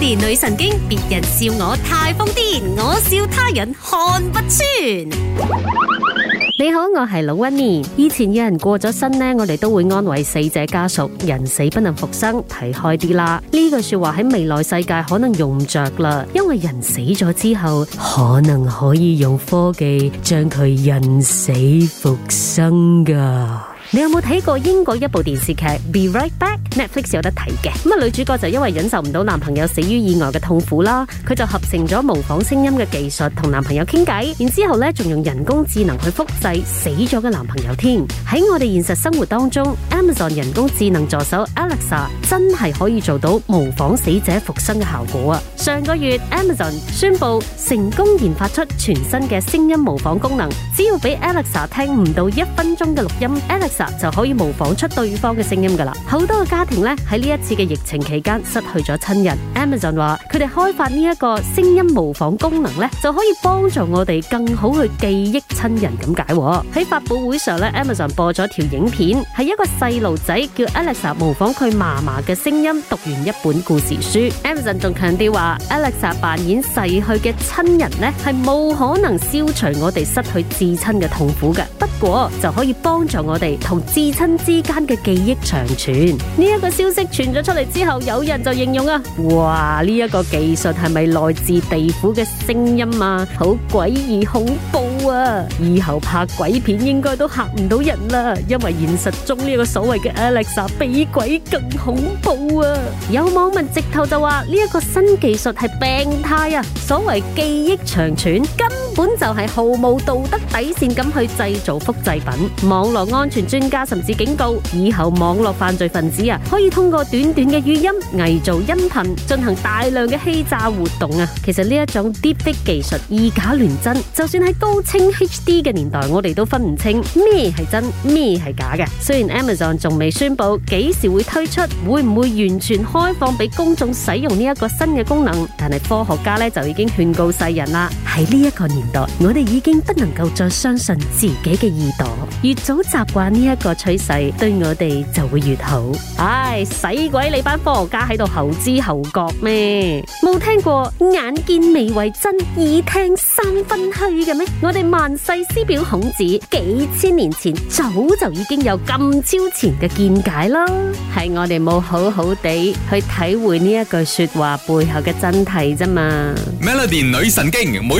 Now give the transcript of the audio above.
年女神經，別人笑我太瘋癲，我笑他人看不穿。你好，我係老温尼。以前有人過咗身呢，我哋都會安慰死者家屬：人死不能復生，睇開啲啦。呢句說話喺未來世界可能用唔着啦，因為人死咗之後，可能可以用科技將佢人死復生噶。你有冇睇過英國一部電視劇《Be Right Back》？Netflix 有得睇嘅。咁啊，女主角就因為忍受唔到男朋友死於意外嘅痛苦啦，佢就合成咗模仿聲音嘅技術同男朋友傾偈，然之後呢仲用人工智能去複製死咗嘅男朋友。添喺我哋現實生活當中。Amazon 人工智能助手 Alexa 真係可以做到模仿死者復生嘅效果啊！上個月 Amazon 宣布成功研發出全新嘅聲音模仿功能，只要俾 Alexa 聽唔到一分鐘嘅錄音，Alexa 就可以模仿出對方嘅聲音噶啦。好多個家庭咧喺呢一次嘅疫情期間失去咗親人，Amazon 話佢哋開發呢一個聲音模仿功能咧就可以幫助我哋更好去記憶親人咁解。喺發布會上咧，Amazon 播咗條影片，係一個細路仔叫 Alexa 模仿佢嫲嫲嘅聲音讀完一本故事書。Amazon 仲強調話，Alexa 扮演逝去嘅親人咧，係冇可能消除我哋失去至親嘅痛苦嘅，不過就可以幫助我哋同至親之間嘅記憶長存。呢一個消息傳咗出嚟之後，有人就形容啊，哇！呢一個技術係咪來自地府嘅聲音啊？好詭異，恐怖！啊！以後拍鬼片應該都嚇唔到人啦，因為現實中呢個所謂嘅 Alexa 比鬼更恐怖啊！有網民直頭就話呢一個新技術係病態啊，所謂記憶長存今本就係毫無道德底線咁去製造複製品。網絡安全專家甚至警告，以後網絡犯罪分子啊，可以通過短短嘅語音偽造音頻，進行大量嘅欺詐活動啊。其實呢一種 Deep 技術以假亂真，就算喺高清 HD 嘅年代，我哋都分唔清咩係真咩係假嘅。雖然 Amazon 仲未宣布幾時會推出，會唔會完全開放俾公眾使用呢一個新嘅功能，但係科學家咧就已經勸告世人啦。喺呢一個年代，我哋已經不能夠再相信自己嘅耳朵，越早習慣呢一個趨勢，對我哋就會越好。唉、哎，使鬼你班科學家喺度後知後覺咩？冇聽過眼見未為真，耳聽三分虛嘅咩？我哋萬世師表孔子幾千年前早就已經有咁超前嘅見解咯，係我哋冇好好地去體會呢一句說話背後嘅真諦啫嘛。Melody 女神經